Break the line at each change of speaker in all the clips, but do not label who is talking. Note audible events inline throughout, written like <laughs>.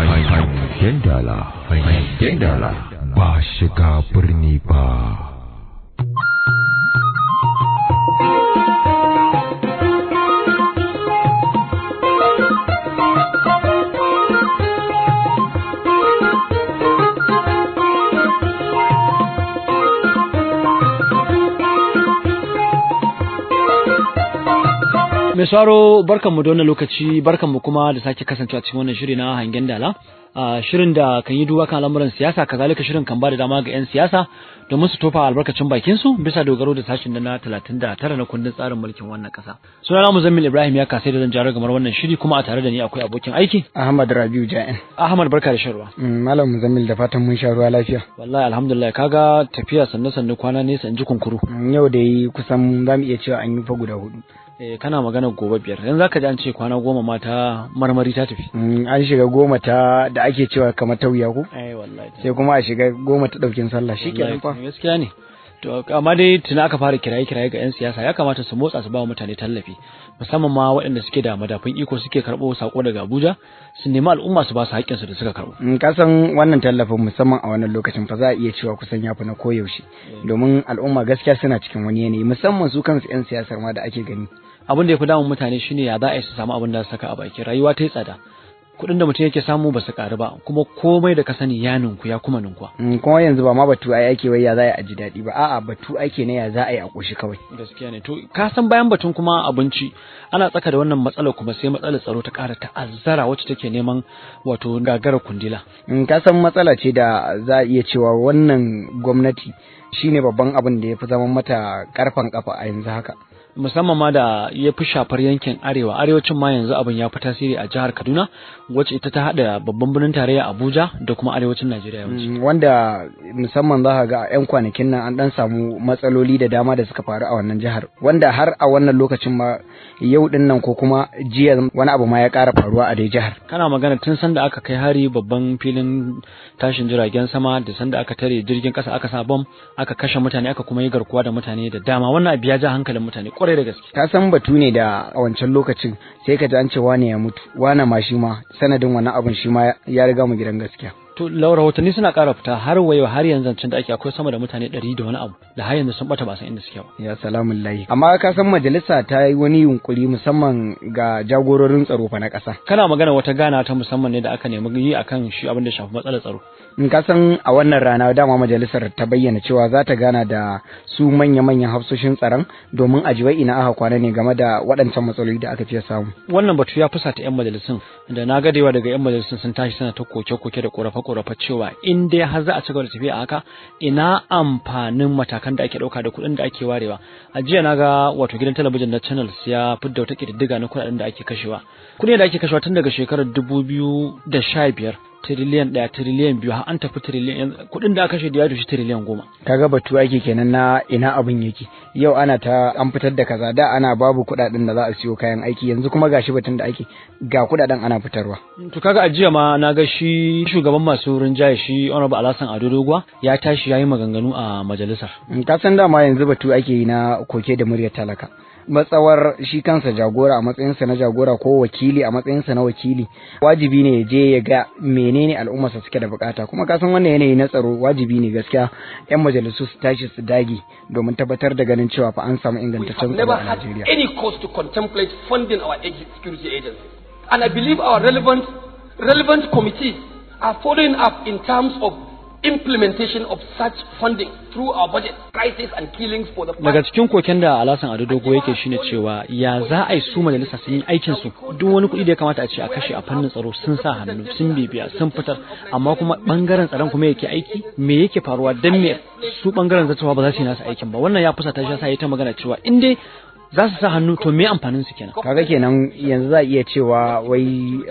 Hai, hai, hai, hai, hai, hai, hai,
Mai saro barkanmu da wannan lokaci barkanmu kuma da sake kasancewa cikin wannan shiri na hangen dala. shirin da kan yi duba kan al'amuran siyasa kazalika shirin kan ba da dama ga 'yan siyasa domin su tofa albarkacin bakin su bisa dogaro da sashin da na 39 na kundin tsarin mulkin wannan kasa sunana zamil ibrahim ya kasai da zan jarar gamar wannan shiri kuma a tare da ni akwai abokin aiki ahmad rabiu
ja'in ahmad barka da sharwa mm, malam muzammil da fatan mun sha ruwa lafiya
wallahi alhamdulillah kaga tafiya sanne sanne kwana nesa in ji kunkuru mm, yau da yi kusan zamu iya cewa an yi fa guda hudu Eh, kana magana gobe biyar yanzu zaka ji an ce kwana goma ma ta
marmari ta tafi mm, an shiga goma ta da ake cewa kamar tauya ko eh, sai kuma a shiga goma ta daukin sallah shikenan
fa gaskiya ne to amma dai tuna aka fara kiraye kiraye ga yan siyasa ya kamata su motsa su ba mutane tallafi musamman ma waɗanda suke da madafun iko suke karɓo sako daga Abuja su nemi al'umma su ba su haƙƙinsu da suka karɓo
in mm, ka san wannan tallafin musamman a wannan lokacin fa za a iya cewa kusan fi na koyaushe eh. domin al'umma gaskiya suna cikin wani yanayi musamman su kansu yan siyasar ma da ake gani
abin da ya fi damun mutane shine ya za a yi su samu abin da su saka a baki rayuwa ta yi tsada kuɗin da mutum yake
samu ba su ƙaru ba kuma komai da ka sani ya ninku ya kuma ninkuwa. Mm, kuma yanzu ba ma batu ai ake wai ya za a ji daɗi ba a'a batu ake na ya za a yi a ƙoshi kawai. gaskiya ne to ka san bayan batun kuma
abinci ana tsaka da wannan matsalar kuma sai matsalar tsaro ta ƙara ta'azzara wacce take neman
wato gagara kundila. Mm, ka san matsala ce da za a iya cewa wannan gwamnati shine babban abin da ya fi zama mata ƙarfan ƙafa a yanzu haka. musamman ma da
ya fi shafar yankin arewa arewacin ma yanzu abin ya fi tasiri a jihar kaduna wacce ita ta hada
babban birnin tarayya abuja da kuma arewacin najeriya mm, wanda musamman za ka ga a yan kwanakin nan an dan samu matsaloli da dama da suka faru a wannan jihar wanda har a wannan lokacin ma yau din nan ko kuma jiya wani abu ma ya kara faruwa a dai jihar
kana magana tun sanda aka kai hari babban filin tashin jiragen sama da sanda aka tare jirgin kasa aka sa bom aka kashe mutane aka kuma yi garkuwa da mutane da dama wannan abu ya ja hankalin mutane kwarai kwarai da
gaske ka san batu ne da a wancan lokacin sai ka ji an ce wane ya mutu wane ma shi ma sanadin wani abin shi ma ya riga mu gidan gaskiya
to laura suna kara fita har wayo har yanzu can da ake akwai sama da mutane ɗari da wani abu da har yanzu sun bata ba san inda suke
ba ya salamun lahi amma ka san majalisa ta yi wani yunkuri musamman ga jagororin tsaro fa na ƙasa
kana magana wata gana ta musamman ne da aka nemi yi akan shi abin da shafi matsalar tsaro
in ka san a wannan rana dama majalisar ta bayyana cewa za ta gana da su manya-manyan hafsoshin tsaron domin a jiwai ina aka kwana ne game da waɗancan matsaloli da aka fiye samu
wannan batu ya fusa ta 'yan majalisun da na gadewa daga 'yan majalisun sun tashi suna ta koke-koke da ƙorafe korafa cewa in dai har za a ci gaba da tafiya haka ina amfanin matakan da ake ɗauka da kuɗin da ake warewa a jiya na ga wato gidan talabijin na channel ya fidda wata kididdiga na kuɗaɗen da ake kashewa kuɗin da ake kashewa tun daga shekarar dubu biyu da
sha biyar tiriliyan ɗaya tiriliyan biyu har an tafi tiriliyan kuɗin da aka kashe ya doshi tiriliyan goma. kaga batu ake kenan na ina abin yake yau ana ta an fitar da kaza da ana babu kuɗaɗen da za a siyo kayan aiki yanzu kuma gashi batun da ake ga kuɗaɗen ana fitarwa. to
kaga ajiya ma na ga shi shugaban masu rinjaye shi honorable alasan ado doguwa ya tashi ya yi maganganu a majalisar.
ka san dama yanzu batu ake yi na koke da muryar talaka. matsawar shi kansa jagora a matsayinsa na jagora ko wakili a matsayinsa na wakili wajibi ne ya je ya ga menene al'ummarsa suke da bukata kuma ka san wannan yanayi na tsaro wajibi ne gaskiya yan majalisu su tashi su dage domin tabbatar da ganin cewa fa an samu ingantaccen tsaro a Najeriya
any cause to
contemplate funding our security agency and i believe our relevant relevant committees are following up in terms of implementation of such funding through our budget crisis and killings for the
daga cikin koken da alasan ado yake shine cewa ya za a yi su majalisa sun yi aikin su duk wani kuɗi da ya kamata a ce a kashe a fannin tsaro sun sa hannu sun bibiya sun fitar amma kuma bangaren tsaron kuma yake aiki me yake faruwa dan me su bangaren zatawa ba za su yi nasu aikin ba wannan ya fusa ta sha sai ta magana cewa in dai za su sa hannu to me
amfanin su kenan kaga kenan yanzu za iya cewa wai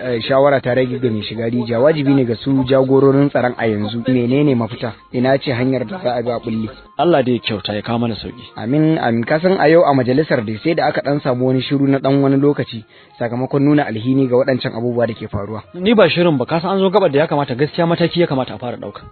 eh, shawara ta rage ga mai shiga rijiya wajibi ne ga su jagororin tsaron a yanzu menene mafita ina ce hanyar da za a ga bulli Allah da ya kyauta ya kawo mana sauki amin amin ka a yau a majalisar da sai da aka dan samu wani shiru na dan wani lokaci sakamakon nuna alhini ga waɗancan abubuwa da ke faruwa
ni ba shirin ba ka san an zo gaba da ya kamata gaskiya mataki ya kamata a fara dauka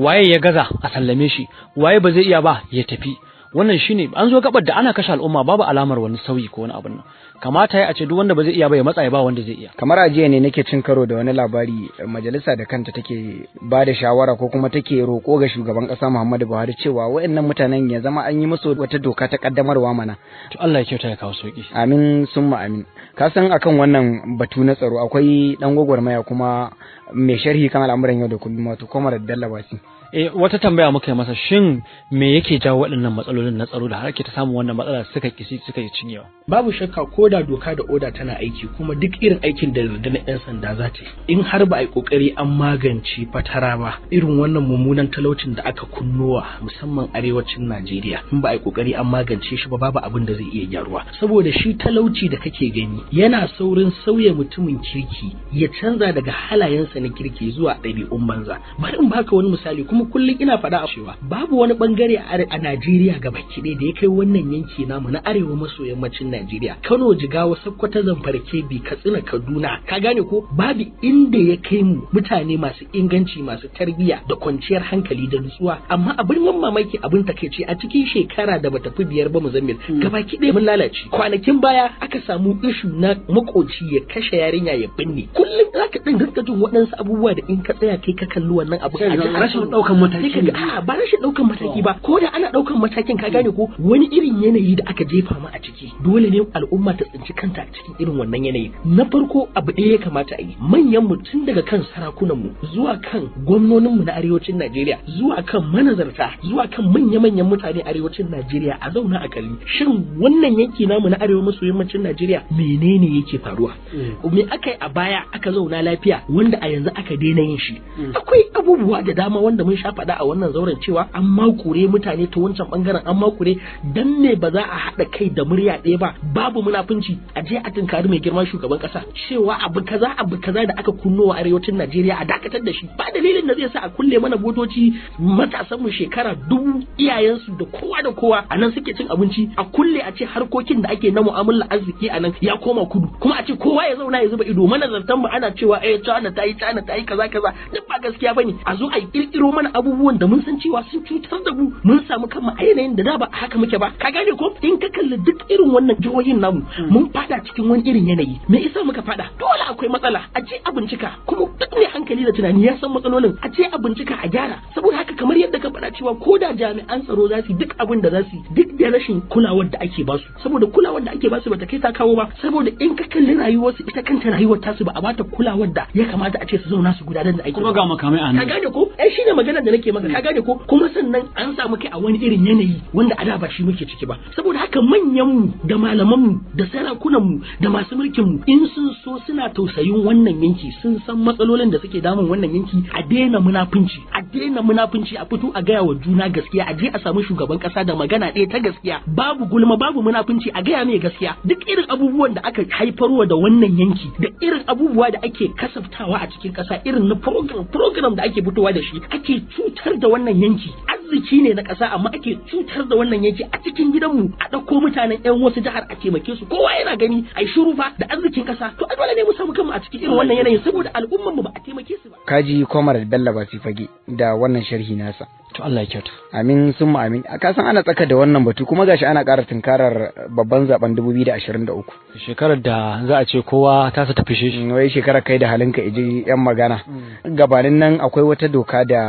waye ya gaza a sallame shi waye ba zai iya ba ya tafi wannan shine an zo gabar da ana kashe al'umma babu alamar wani sauyi ko wani abin nan
kamata ya ce duk wanda ba zai iya ba ya matsa ya ba wanda zai iya kamar a jiya ne nake cin karo da wani labari majalisa da kanta take ba da shawara ko kuma take roko ga shugaban kasa Muhammadu Buhari cewa waɗannan mutanen ya zama an yi musu wata doka ta kaddamarwa mana to Allah ya kyauta ya kawo sauki amin summa amin ka san akan wannan batu na tsaro akwai dan gwagwarmaya kuma mai sharhi kan al'amuran yau da kullum wato Komar Dalla Basi
eh wata tambaya muka yi masa shin
me yake jawo waɗannan matsalolin na tsaro da har ake ta samun wannan matsala suka kisi suka yi cinyewa babu shakka ko da doka da oda tana aiki kuma duk irin aikin da na yan sanda za ta in har ba a yi kokari an magance fatara ba irin wannan mummunan talaucin da aka kunnowa musamman arewacin Najeriya in ba a yi kokari an magance shi ba babu abin da zai iya gyaruwa saboda shi talauci da kake gani yana saurin sauya mutumin kirki ya canza daga halayensa na kirki zuwa ɗabi'un banza bari in baka wani misali kuma mu kullum ina faɗa a cewa babu wani bangare a Najeriya gaba ɗaya da ya kai wannan yanki namu na arewa maso yammacin Najeriya Kano Jigawa Sokoto Zamfara bi Katsina Kaduna ka gane ko babu inda ya kai mu mutane masu inganci masu tarbiyya da kwanciyar hankali da nutsuwa amma abin ban mamaki abin takeici a cikin shekara da bata fi biyar ba mu muzammil hmm. gaba ɗaya mun lalace kwanakin baya aka samu ishu na makoci ya kashe yarinya ya binne kullum zaka dinga jin waɗansu abubuwa da in ka tsaya kai ka kalli wannan abu rashin ɗauka daukan mataki sai a ba rashin daukan mataki ba ko da ana daukan matakin ka gane ko wani irin yanayi da aka jefa mu a ciki dole ne al'umma ta tsinci kanta a cikin irin wannan yanayi na farko abu ɗaya ya kamata a yi manyan mu tun daga kan sarakunan mu zuwa kan gwamnonin mu na arewacin Najeriya zuwa kan manazarta zuwa kan manya-manyan mutane arewacin Najeriya a zauna a kalli shin wannan yanki namu na arewa maso yammacin Najeriya menene yake faruwa mm. me aka yi a baya aka zauna lafiya wanda a yanzu aka daina yin shi mm. akwai abubuwa da dama wanda mun sha faɗa a wannan zauren cewa an makure mutane ta wancan bangaren an makure dan me ba za a haɗa kai da murya ɗaya ba babu munafunci a je a tunkari mai girma shugaban ƙasa cewa abu kaza abu kaza da aka kunno a arewacin Najeriya a dakatar da shi ba dalilin da zai sa a kulle mana botoci mu shekara dubu iyayensu da kowa da kowa a nan suke cin abinci a kulle a ce harkokin da ake na mu'amala arziki a nan ya koma kudu kuma a ce kowa ya zauna ya zuba ido zartan mu ana cewa eh China ta yi China ta yi kaza kaza duk ba gaskiya bane a zo a kirkiro mana abubuwan da mun san cewa sun cutar da mu mun samu kanmu a yanayin da da ba haka muke ba ka gane ko in ka kalli duk irin wannan jihohin namu hmm. mun fada cikin wani irin yanayi me yasa muka fada dole akwai matsala a je a bincika kuma duk mai hankali da tunani ya san matsalolin a je a bincika a gyara saboda haka kamar yadda ka faɗa cewa ko da jami'an tsaro za su duk abin da za su duk da rashin kulawar da ake basu saboda kulawar da ake basu bata kai ta kawo ba saboda in ka kalli rayuwarsu ita kanta rayuwar tasu ba a bata kulawar da ya kamata a ce su zauna su gudanar da aiki kuma
ga makamai a nan ka gane
ko ai shine magana maganar da nake magana ka gane ko kuma sannan an samu kai a wani irin yanayi wanda a da ba shi muke ciki ba saboda haka manyan mu da malaman mu da sarakunan mu da masu mulkin mu in sun so suna tausayin wannan yanki sun san matsalolin da suke damun wannan yanki a daina munafunci a daina munafunci a fito a gaya wa juna gaskiya a je a samu shugaban kasa da magana ɗaya ta gaskiya babu gulma babu munafunci a gaya mai gaskiya duk irin abubuwan da aka haifarwa da wannan yanki da irin abubuwa da ake kasaftawa a cikin kasa irin na program program da ake fitowa da shi ake cutar da wannan yanki arziki ne na ƙasa amma ake cutar da wannan yanki a cikin gidanmu a ɗauko mutanen ƴan wasu jihar a taimake su kowa yana gani a yi shiru fa da arzikin ƙasa to a dole ne mu samu kanmu a cikin irin wannan yanayin saboda al'ummar mu ba a taimake su ba
kaji komar Bello ba fage da wannan sharhi nasa to Allah ya kyauta amin sun mu amin a kasan ana tsaka da wannan batu kuma gashi ana ƙara tunkarar babban zaben 2023 shekarar da za a ce kowa ta su tafi shi mm, wai shekarar kai da halinka iji yan magana mm. gabanin nan akwai wata doka da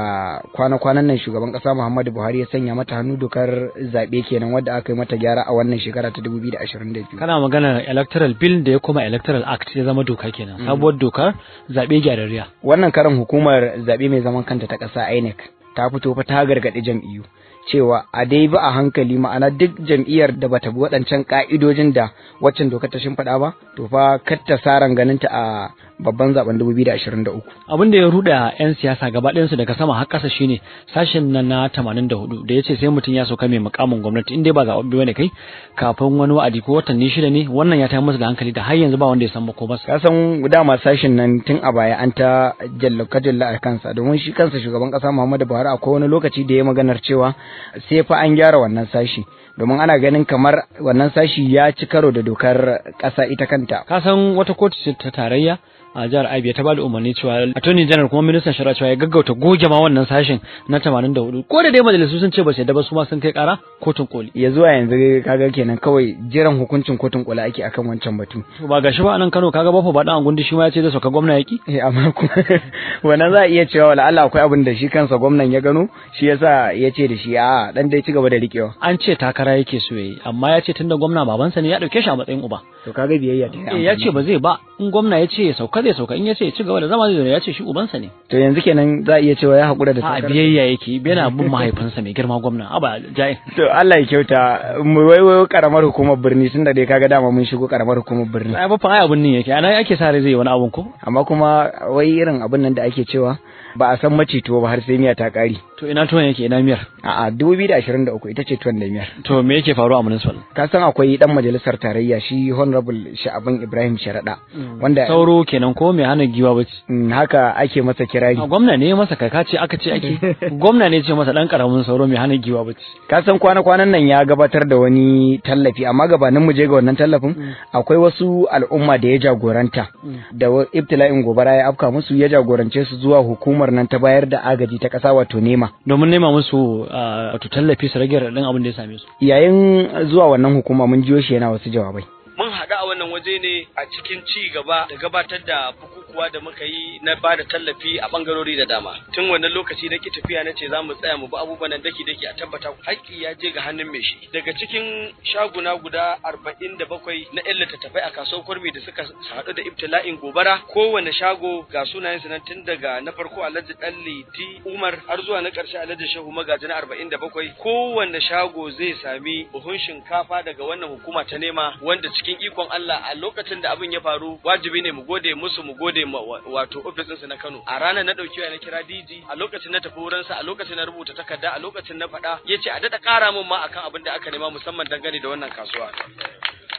kwana-kwanan nan shugaban kasa Muhammadu Buhari ya sanya mata hannu dokar zaɓe kenan wadda aka yi mata gyara a wannan shekara ta 2022. Kana magana electoral bill da ya koma electoral act ya zama doka kenan mm. sabuwar dokar zaɓe gyararriya. Wannan karan hukumar zaɓe mai zaman kanta ta kasa INEC ta fito fa ta gargaɗi jam'iyyu. cewa a dai ba a hankali ma'ana duk jam'iyyar da bata bi waɗancan ka'idojin da waccan dokar ta shimfiɗa ba to fa kar ta ganin ganinta a babban zaben 2023 abin
da ya ruda yan siyasa gaba ɗayan su daga sama har ƙasa shine sashen nan na 84 da yace sai mutum ya sauka mai mukamin gwamnati in dai ba zaɓen bane kai kafin wani wa'adi ko watanni shida ne wannan ya
tayar musu da hankali da har yanzu ba wanda ya san ba ko ba ka san dama sashen nan tun a baya an ta jallaka jalla a kansa domin shi kansa shugaban ƙasa Muhammadu Buhari akwai wani lokaci da ya maganar cewa sai fa an gyara wannan sashi domin ana ganin kamar wannan sashi ya ci karo da dokar ƙasa ita kanta
ka san wata kotu ta tarayya a jihar Abia ta bada umarni cewa attorney general kuma ministan shari'a cewa ya gaggauta goge ma wannan sashin na 84 ko da dai majalisu sun ce ba su yadda ba su ma sun kai kara
kotun koli ya zuwa yanzu kaga kenan kawai jiran hukuncin kotun koli ake akan wancan batu ba gashi ba nan Kano kaga bafa dan angundi shi ma ya ce zai sauka gwamna yaki eh amma kuma <laughs> wannan za a iya cewa wala Allah akwai abin da shi kansa gwamnan ya gano shi yasa ya ce da shi a dan dai ci gaba da rikewa an ce takara yake so yayi amma ya ce tunda gwamna
babansa ne ya dauke shi a matsayin uba to kaga biyayya ta eh, ya ce ba zai ba in gwamna ya ce ya sauka kada ya sauka in ya ce ci gaba da zama zai ya ce shi ubansa ne
to yanzu kenan za a iya cewa ya haƙura da sakar
biyayya yake yana bin mahaifinsa
mai girma gwamna aba jai to Allah ya kyauta mu wai wai karamar hukumar birni tun da dai kaga dama mun shigo karamar hukumar birni ai ba fa ai abun nan yake ana ake sare zai wani abun ko amma kuma wai irin abun nan da ake cewa ba a san macito ba har sai miya ta kari to ina tuwon yake ina miyar a'a 2023 ita ce tuwon da miyar to
me yake faruwa a municipal
ka san akwai dan majalisar tarayya shi honorable Sha'aban Ibrahim Sharada mm. wanda sauro kenan ko mai hana giwa ba mm, haka ake masa kirari gwamna ne masa kai kace aka ce ake <laughs> gwamna ne ce masa dan karamin sauro mai hana giwa ba ka san kwana kwanan nan ya gabatar da wani tallafi amma gabanin mu je ga wannan tallafin mm. akwai wasu al'umma da ya jagoranta mm. da ibtila'in gobara ya afka musu ya jagorance su zuwa hukumar nan ta bayar da agaji ta kasa wato nema
domin nema musu wato tallafi
su rage radin abin da ya same su yayin zuwa wannan hukuma mun jiyo shi yana wasu jawabai
ga a wannan waje ne a cikin ci gaba da gabatar da bukukuwa da muka yi na ba da tallafi a bangarori da dama tun wannan lokaci na tafiya na ce za mu tsaya mu bi abubuwan nan daki daki a tabbata haƙƙi ya je ga hannun mai shi daga cikin shaguna guda arba'in da bakwai na yan littattafai a kasuwar kurmi da suka haɗu da ibtila'in gobara kowane shago ga sunayen nan tun daga na farko alhaji ɗalli ti umar har zuwa na ƙarshe alhaji shehu magaji na arba'in da bakwai kowane shago zai sami buhun shinkafa daga wannan hukuma ta nema wanda cikin iko ikon Allah a lokacin da abin ya faru wajibi ne mu gode musu mu gode wato ofisin su na Kano a ranar na dauki na kira DJ a lokacin na tafi wurin sa a lokacin na rubuta takarda a lokacin na faɗa yace a dada ƙara min ma akan abin da aka nema musamman dangane da wannan kasuwa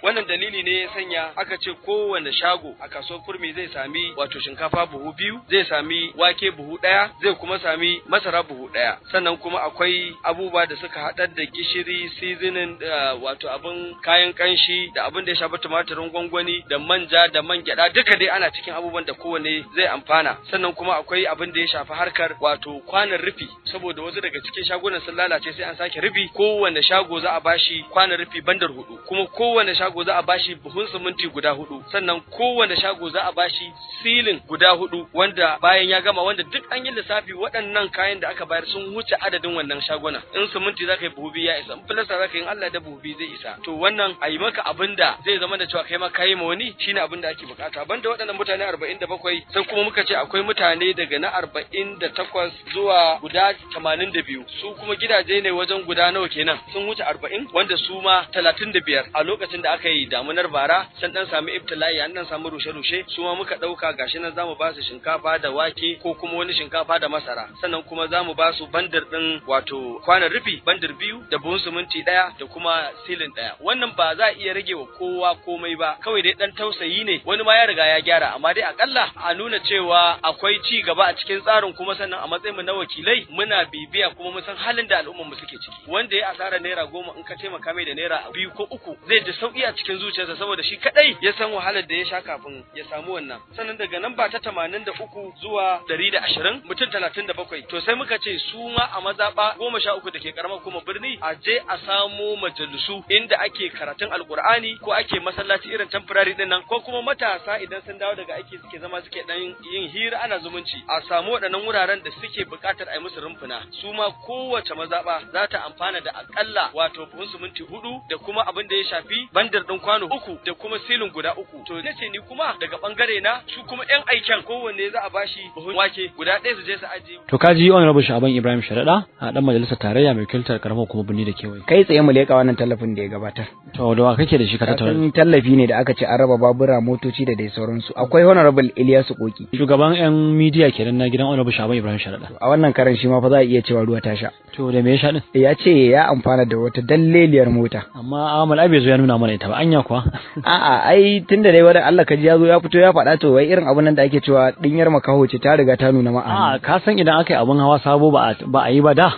wannan dalili ne ya sanya aka ce kowane shago a kasuwar kurmi zai sami wato shinkafa buhu biyu zai sami wake buhu ɗaya zai kuma sami masara buhu ɗaya sannan kuma akwai abubuwa da suka haɗar da gishiri sizinin wato abin kayan ƙanshi da abin da ya shafi tumatirin gwangwani da manja da man gyada. duka dai ana cikin abubuwan da kowane zai amfana sannan kuma akwai abin da ya shafi harkar wato kwanan rufi saboda wasu daga cikin shagunan sun lalace sai an sake rufi kowane shago za a bashi kwanan rufi bandar hudu kuma kowane shago shago za a bashi buhun siminti guda hudu sannan kowane shago za a bashi silin guda hudu wanda bayan ya gama wanda duk an yi lissafi waɗannan kayan da aka bayar sun wuce adadin wannan shagona in siminti za ka yi buhu biyu ya isa in za ka yi Allah da buhu biyu zai isa to wannan a yi maka abin da zai zama da cewa kai ma kayi ma wani shine abin da ake bukata banda waɗannan mutane arba'in da bakwai sai kuma muka ce akwai mutane daga na arba'in da takwas zuwa guda tamanin da biyu su kuma gidaje ne wajen guda nawa kenan sun wuce arba'in wanda su ma talatin da biyar a lokacin da aka aka yi damunar bara can dan sami ibtila'i an dan samu rushe-rushe su ma muka dauka gashi nan zamu ba su shinkafa da wake ko kuma wani shinkafa da masara sannan kuma zamu ba su bandir din wato kwanan rufi bandar biyu da buhun siminti daya da kuma silin daya wannan ba za a iya rage wa kowa komai ba kawai dai dan tausayi ne wani ma ya riga ya gyara amma dai akalla a nuna cewa akwai ci gaba a cikin tsarin kuma sannan a matsayin mu na wakilai muna bibiya kuma mun san halin da al'ummar mu suke ciki wanda ya asara naira goma in ka taimaka mai da naira biyu ko uku zai ji sauki a a cikin zuciyarsa saboda shi kadai ya san wahalar da ya sha kafin ya samu wannan sannan daga nan ba ta tamanin da uku zuwa dari da ashirin mutum talatin bakwai to sai muka ce su ma a mazaɓa goma sha uku da ke karamar kuma birni a je a samo majalisu inda ake karatun alkur'ani ko ake masallaci irin temporary din nan ko kuma matasa idan sun dawo daga aiki suke zama suke dan yin hira ana zumunci a samu waɗannan wuraren da suke buƙatar a yi musu rumfuna su ma kowace mazaɓa za ta amfana da akalla wato buhun minti hudu da kuma abin da ya shafi bandar standard dan kwano uku da kuma silin guda uku to ce ni kuma daga bangare na su kuma yan aikin kowanne za a bashi buhun wake
guda ɗaya su je su
ajiye to kaji honorable Shaban Ibrahim Sharada a dan majalisar tarayya mai wakiltar karamar kuma binni
da kewaye kai tsaye mu leka wannan tallafin da ya gabatar
to da wa kake da shi ka tattauna
tallafi ne da aka ce an raba babura motoci da dai sauransu akwai honorable Ilyas Koki shugaban yan media kenan na
gidan honorable Shaban Ibrahim Sharada
a wannan karan shi ma fa za a
iya cewa ruwa ta sha
to da me ya sha din ya ce ya amfana da wata dalleliyar mota amma Amal Abi ya nuna mana ta ba anya kuwa <laughs> a'a ai tunda dai wani Allah kaji ya zo ya fito ya faɗa to wai irin abun nan da ake cewa dinyar makaho ce ta riga ta nuna ma'ana a'a ka san idan aka yi abun hawa sabo ba a yi ba da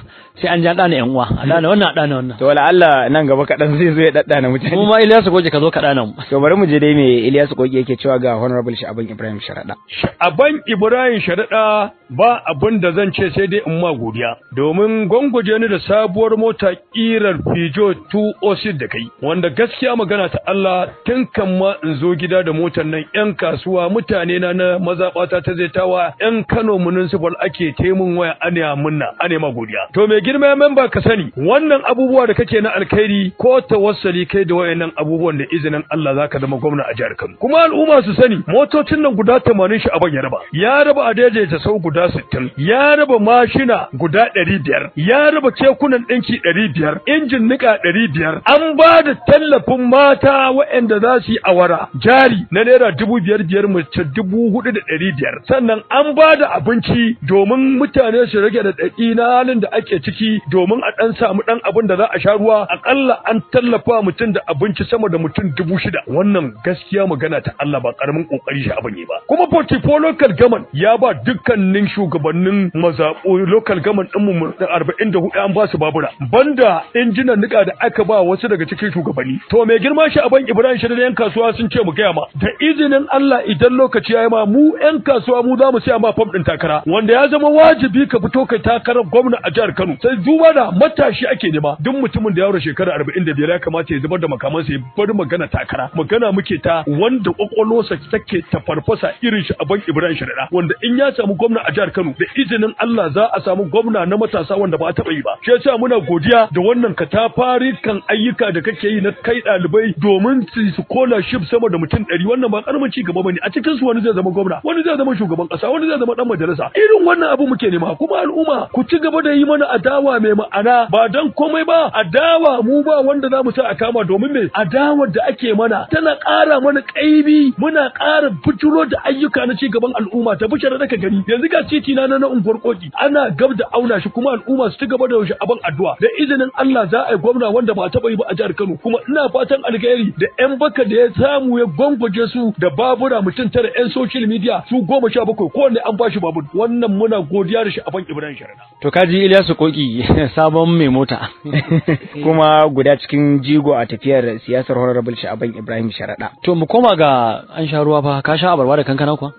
sai an ja ɗana yan uwa a ɗana wannan a ɗana wannan to Allah nan gaba kaɗan zai zo ya ɗaɗɗana mutane kuma ma Ilyasu Goje ka zo ka ɗana mu to bari mu je dai me Ilyasu Goje yake cewa ga honorable Sha'aban Ibrahim Sharaɗa
Sha'aban Ibrahim Sharaɗa ba abin da zan ce sai dai in ma godiya domin gwangwaje ni da sabuwar mota kirar Peugeot 206 da kai wanda gaskiya magana ta Allah tun kan ma in zo gida da motar nan yan kasuwa mutane na na mazaɓata ta zai tawa yan Kano municipal ake taimun waya ana munna ana ma godiya to me girma memba ka sani wannan abubuwa da kake na alkhairi ko tawassali kai da wayannan abubuwan da izinin Allah zaka zama gwamna a jihar Kano kuma al'umma su sani motocin nan guda 80 shi aban ya raba ya raba a sau guda 60 ya raba mashina guda 500 ya raba cekunan ɗinki 500 injin nika 500 an ba da tallafin mata waɗanda za su yi awara jari na naira dubu biyar biyar mace dubu hudu da ɗari biyar sannan an ba da abinci domin mutane su rage da ɗaɗi na halin da ake ciki ciki domin a ɗan samu ɗan abin da za a sha ruwa akalla an tallafa mutum da abinci sama da mutum dubu shida wannan gaskiya magana ta Allah ba karamin kokari shi abin ba kuma portfolio local government ya ba dukkanin shugabannin mazaɓo local government ɗinmu arba'in da hudu an ba su babura banda injinan nika da aka ba wasu daga cikin shugabanni to mai girma shi aban ibrahim shi yan kasuwa sun ce mu gaya ma da izinin Allah idan lokaci ya yi ma mu yan kasuwa mu za mu siya ma fam ɗin takara wanda ya zama wajibi ka fito kai takarar gwamna a jihar Kano sai duba da matashi ake nema duk mutumin da ya yaro shekara arba'in da biyar ya kamata ya zubar da makamansa ya bar magana takara magana muke ta wanda kwakwalwarsa take ta farfasa irin shi ban Ibrahim Sharaɗa wanda in ya samu gwamna a jihar Kano da izinin Allah za a samu gwamna na matasa wanda ba a taɓa yi ba shi yasa muna godiya da wannan katafari kan ayyuka da kake yi na kai ɗalibai domin su kola scholarship sama da mutum ɗari wannan ba ƙaramin ci gaba bane a cikin su wani zai zama gwamna wani zai zama shugaban ƙasa wani zai zama ɗan majalisa irin wannan abu muke nema kuma al'umma ku ci gaba da yi mana a adawa mai ma'ana ba don komai ba adawa mu ba wanda za mu sa a kama domin me adawar da ake mana tana ƙara mana ƙaibi muna ƙara fituro da ayyuka na ci gaban al'umma ta bushe da ka gani yanzu ga titi na na unguwar koki ana gab da auna shi kuma al'umma su ci gaba da shi aban addu'a da izinin Allah za a yi gwamna wanda ba taɓa yi ba a jihar Kano kuma ina fatan alkhairi da yan baka da ya samu ya gwangwaje su da babura mutum tara yan social media su goma sha bakwai kowanne an ba shi babur wannan muna godiya da shi aban Ibrahim Sharada
to kaji Ilyasu Koki canji <laughs> sabon mai mota <laughs> kuma guda cikin jigo a tafiyar siyasar honorable sha'aban ibrahim sharaɗa to mu koma
ga an sha ruwa fa ka sha abarba da kankana kuwa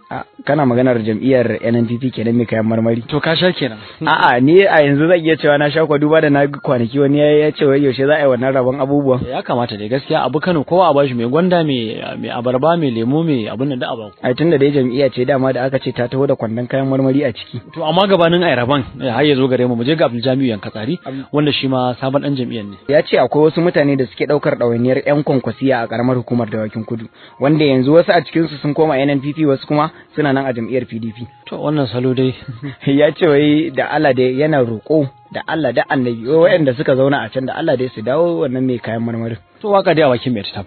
kana maganar jam'iyyar nnpp kenan mai kayan marmari to ka sha kenan <laughs> a'a ni a yanzu zan iya cewa na sha kwa duba da na kwanaki wani ya ce yaushe za a yi wannan rabon abubuwan ya kamata dai gaskiya abu kano kowa a bashi mai gwanda mai abarba mai lemu mai abin da a baku da dai jam'iyya ce dama da aka ce ta taho da kwandon kayan marmari a ciki
to amma gabanin ai rabon eh, har ya zo gare mu mu je ga abdul Lamiyu Yankatsari wanda shi ma sabon dan jam'iyyar
ne ya ce akwai wasu mutane da suke ɗaukar ɗawainiyar yan kwankwasiya a karamar hukumar dawakin kudu wanda yanzu wasu a cikinsu sun koma NNPP wasu kuma suna nan a jam'iyyar PDP to wannan salo dai <laughs> ya ce wai da Allah dai yana roƙo da Allah da annabi waɗanda suka zauna a can da Allah dai su dawo wannan mai kayan marmarin so waka da mai ta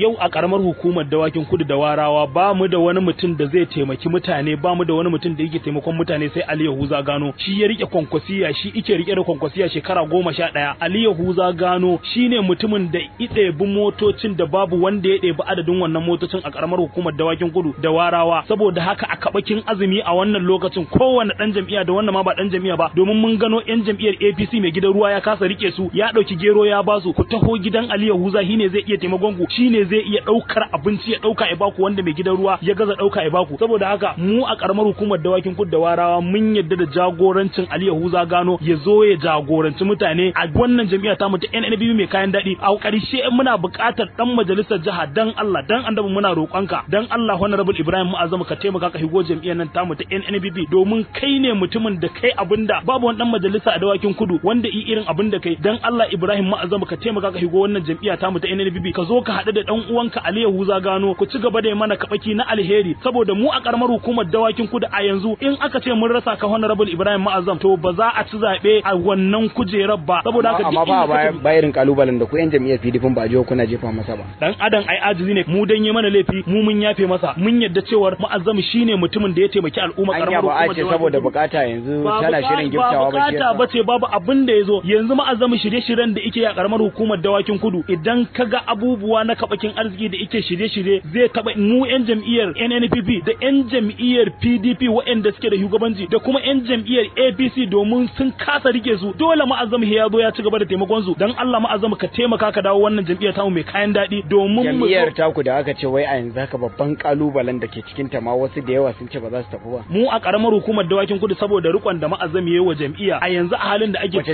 yau a karamar hukumar dawakin kudu da warawa ba mu da wani mutum da zai taimaki mutane ba mu da wani mutum da yake taimakon mutane sai Ali Yahuza Gano shi ya rike kwankwasiya shi ike rike da kwankwasiya shekara goma sha ɗaya Ali Yahuza Gano shine mutumin da ɗebi motocin da babu wanda ya ɗebi adadin wannan motocin a karamar hukumar dawakin kudu da warawa saboda haka a kabakin azumi a wannan lokacin kowane dan jami'a da wannan ma ba dan jami'a ba domin mun gano yan jam'iyyar APC mai gidan ruwa ya kasa rike su ya ɗauki gero ya basu ku taho gidan Ali Yahuza yahuza shine zai iya taimakon ku shine zai iya daukar abinci ya dauka ya baku wanda mai gidan ruwa ya gaza dauka ya baku saboda haka mu a karamar hukumar dawakin da warawa mun yadda da jagorancin Ali Yahuza Gano ya zo ya jagoranci mutane a wannan jami'a ta mu ta NNBB mai kayan dadi a ƙarshe muna buƙatar dan majalisar jiha dan Allah dan annabi muna roƙonka dan Allah honorable Ibrahim Mu'azzam ka taimaka ka higo jami'an nan tamu ta NNBB domin kai ne mutumin da kai abinda babu wani dan majalisa a dawakin kudu wanda i irin abinda kai dan Allah Ibrahim Mu'azzam ka taimaka ka higo wannan jami'a mu ta bibi ka zo ka haɗu da ɗan uwanka Ali Yahuza Gano ku ci gaba da mana kabaki na alheri saboda mu a karamar hukumar dawakin kudu a yanzu in aka ce mun rasa ka Honorable Ibrahim Ma'azam to ba za a ci zaɓe a wannan kujerar ba saboda haka amma ba
bayarin kalubalen da ku yan jami'ar PDP ba jiyo kuna jefa masa ba
dan adan ai ajizi ne mu dan yi mana laifi mu mun yafe masa mun yadda cewar Ma'azam shine mutumin da ya taimaki al'umma ƙaramar hukumar ba a ce saboda bukata yanzu tana shirin giftawa ba bukata bace babu abin da yazo yanzu Ma'azam shirye-shiryen da yake a karamar hukumar dawakin kudu idan kaga abubuwa na kabakin arziki da yake shirye-shirye zai taba mu yan jam'iyyar NNPP da yan jam'iyyar PDP waɗanda suke da shugabanci da kuma yan jam'iyyar APC domin sun kasa rike su dole ma'azam ya zo ya ci gaba da taimakon su dan Allah ma'azam ka taimaka ka dawo wannan jam'iyyar tamu mai kayan daɗi domin jam'iyyar
taku da aka ce wai a yanzu haka babban kalubalen da ke cikin ta ma wasu da yawa sun ce ba za su tafi ba mu
a karamar hukumar dawakin kudu saboda rikon da ma'azam ya yi wa jam'iyya a yanzu a halin da ake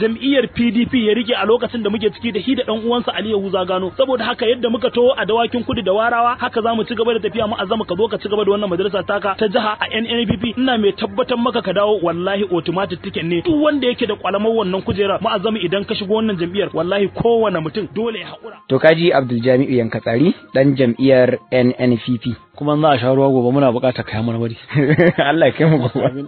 jam'iyyar PDP ya rike a lokacin da muke ciki da shi dan uwansa Ali Yahuza gano saboda haka yadda muka taho a dawakin kudu da warawa haka zamu ci gaba da tafiya mu azama ka zo ka ci gaba da wannan madrasa taka ta jiha a NNPP ina mai tabbatar maka ka dawo wallahi automatic ticket ne duk wanda yake da kwalamar wannan kujera mu azama idan ka shigo wannan jam'iyyar wallahi kowane mutum dole ya haƙura
to kaji Abdul Jami'u tsari dan jam'iyyar NNPP kuma za a sha ruwa gobe muna buƙatar kayan marmari <laughs> Allah ya kai mu
gobe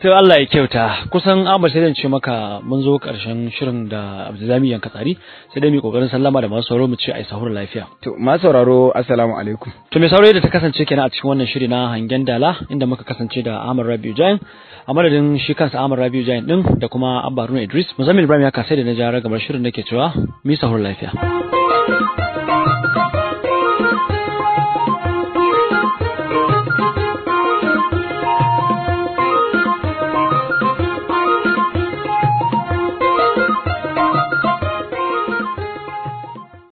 to Allah ya kyauta kusan amma sai zan ce maka mun zo karshen shirin da Abdulzami yanka tsari sai dai mu kokarin sallama da masu sauraro mu ce ai sahur lafiya to masu sauraro assalamu alaikum to me sauraro da ta kasance kenan a cikin wannan shiri na hangen dala inda muka kasance da Ahmad Rabiu Jain a madadin shi kansa Ahmad Rabiu Jain din da kuma Abba Haruna Idris Muzammil Ibrahim ya kasai da na jara gabar shirin nake cewa mi sahur lafiya